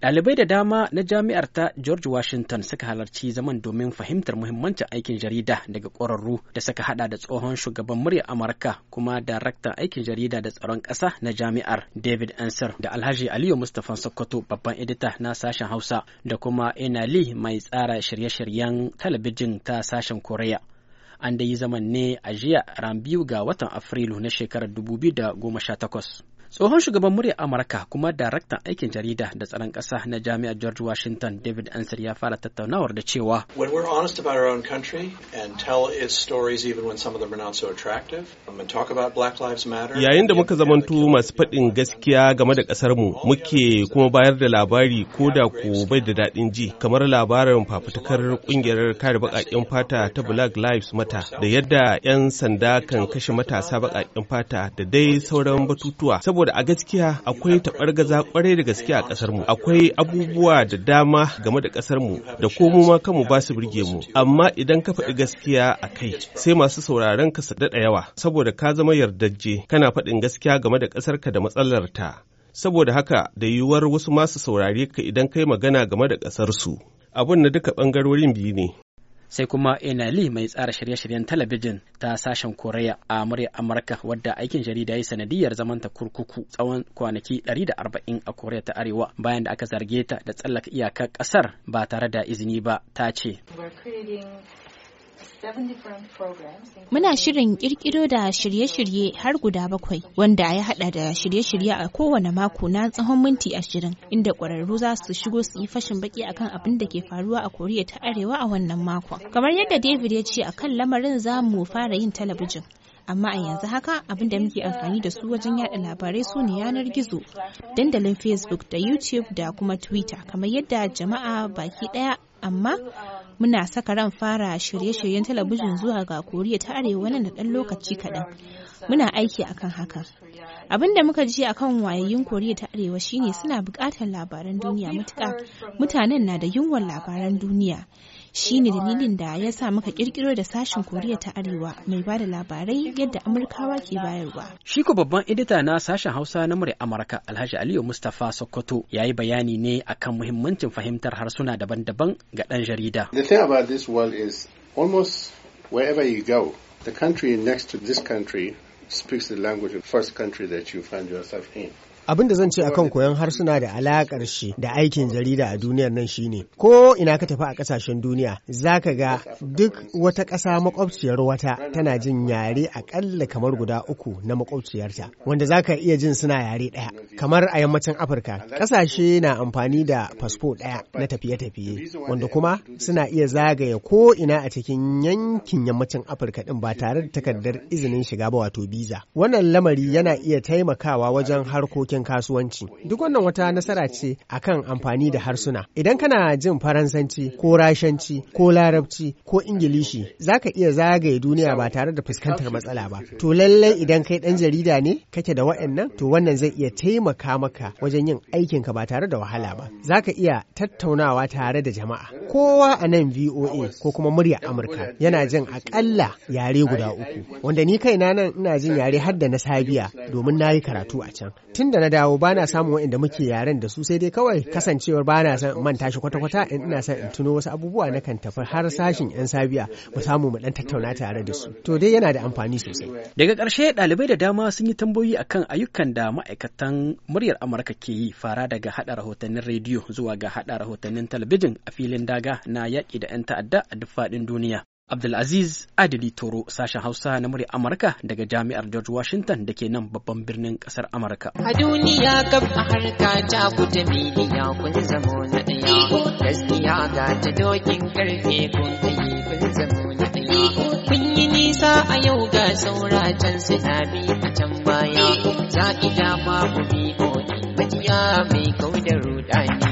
Ɗalibai da dama na jami'ar ta George Washington suka halarci zaman domin fahimtar muhimmancin aikin jarida daga ƙwararru da suka hada da tsohon shugaban muryar Amurka kuma daraktan aikin jarida da tsaron ƙasa na jami'ar David Ansar da Alhaji Aliyu Mustapha Sokoto babban edita na sashen Hausa da kuma Enali mai tsara shirye-shiryen talabijin ta sashen Koreya. An da yi zaman ne a jiya ran biyu ga watan Afrilu na shekarar 2018. Tsohon shugaban muryar Amurka kuma daraktan aikin jarida da tsaron ƙasa na jami'ar George Washington David Ansar ya fara tattaunawar da cewa. When we're honest about our tell its stories even when some of them are um, Yayin da muka zamanto masu faɗin gaskiya game da ƙasar muke kuma bayar da labari ko da ku bai da daɗin ji, kamar labarin fafutukar ƙungiyar kare baƙaƙen fata ta Black Lives Matter da yadda 'yan sanda kan kashe matasa baƙaƙen fata da dai sauran batutuwa. saboda a gaskiya akwai gaza kwarai da gaskiya a kasar mu akwai abubuwa da dama game da ƙasar mu da komo ma kanmu ba su burge mu amma idan ka faɗi gaskiya a kai sai masu sauraron ka su daɗa yawa saboda ka zama yardajje kana faɗin gaskiya game da ƙasarka ka da matsalar ta saboda haka da yiwuwar wasu masu saurare ka idan kai magana game da ƙasarsu. su abun na duka ɓangarorin biyu ne sai kuma enali mai tsara shirye-shiryen talabijin ta sashen koreya a murya amurka wadda aikin jarida ya sanadiyar zamanta kurkuku tsawon kwanaki 140 a koreya ta arewa bayan da aka zarge ta da tsallaka iyakar kasar ba tare da izini ba ta ce Muna shirin ƙirƙiro da shirye-shirye har guda bakwai wanda ya haɗa da shirye-shirye a kowane mako na tsawon minti ashirin inda ƙwararru za su shigo su yi fashin baki akan abin da ke faruwa a Koriya ta Arewa a wannan makon. Kamar yadda David ya ce a kan lamarin za mu fara yin talabijin. amma a yanzu haka abin da muke amfani da su wajen yada labarai su ne yanar gizo dandalin facebook da youtube da kuma twitter kamar yadda jama'a baki daya amma um, muna saka ran fara shirye-shiryen talabijin zuwa ga koriya ta arewa nan da ɗan lokaci kaɗan muna aiki akan haka abin da muka ji akan wayayyun koriya ta arewa shine suna um, buƙatar labaran duniya matuƙa mutanen na da yunwar labaran duniya shine dalilin da ya sa muka kirkiro da sashen koriya ta arewa mai ba da labarai yadda amurkawa ke bayarwa shi ko babban edita na sashen hausa na murya amurka alhaji aliyu mustapha sokoto ya yi bayani ne akan muhimmancin fahimtar harsuna daban-daban ga ɗan jarida the thing about this world is almost wherever you go the country next to this country speaks the language of the first country that you find yourself in abin da zan ce akan koyon harsuna da alakar shi da aikin jarida a duniyar nan shine ko ina ka tafi a kasashen duniya zaka ga duk wata ƙasa makwabciyar wata tana jin yare akalla kamar guda uku na makwabciyarta wanda zaka iya jin suna yare ɗaya kamar a yammacin afirka ƙasashe na amfani da fasfo ɗaya na tafiye-tafiye wanda kuma suna iya zagaya ko ina a cikin yankin yammacin afirka din ba tare da takardar izinin shiga ba wato biza wannan lamari yana iya taimakawa wajen harkokin harkokin kasuwanci. Duk wannan wata nasara ce a kan amfani da harsuna. Idan kana jin Faransanci ko Rashanci ko Larabci ko Ingilishi za ka iya zagaye duniya ba tare da fuskantar matsala ba. To lallai idan kai ɗan jarida ne kake da waɗannan to wannan zai iya taimaka maka wajen yin aikinka ba tare da wahala ba. Za ka iya tattaunawa tare da jama'a. Kowa a nan VOA ko kuma murya Amurka yana jin aƙalla yare guda uku. Wanda ni kaina nan ina jin yare har da na Sabiya domin na yi karatu a can. Tunda na dawo ba na samun waɗanda muke yaren da su sai dai kawai kasancewar ba na son manta shi kwata-kwata in ina son in tuno wasu abubuwa na kan tafi har sashin 'yan sabiya mu samu mu dan tattauna tare da su to dai yana da amfani sosai daga karshe ɗalibai da dama sun yi tambayoyi akan ayyukan da ma'aikatan muryar amurka ke yi fara daga hada rahotannin rediyo zuwa ga hada rahotannin talabijin a filin daga na yaƙi da 'yan ta'adda a duk faɗin duniya Abdulaziz Adili Toro sashen Hausa na murya Amurka daga Jami'ar George Washington da ke nan babban birnin kasar Amurka. A duniya kam a harka ta guda miliya kun zamo na ɗaya. Gaskiya ga ta dokin karfe kun ta yi kun zamo na ɗaya. Kun yi nisa a yau ga saura can na bi a can baya. Za ki dama ku bi ko majiya mai kau ruɗani.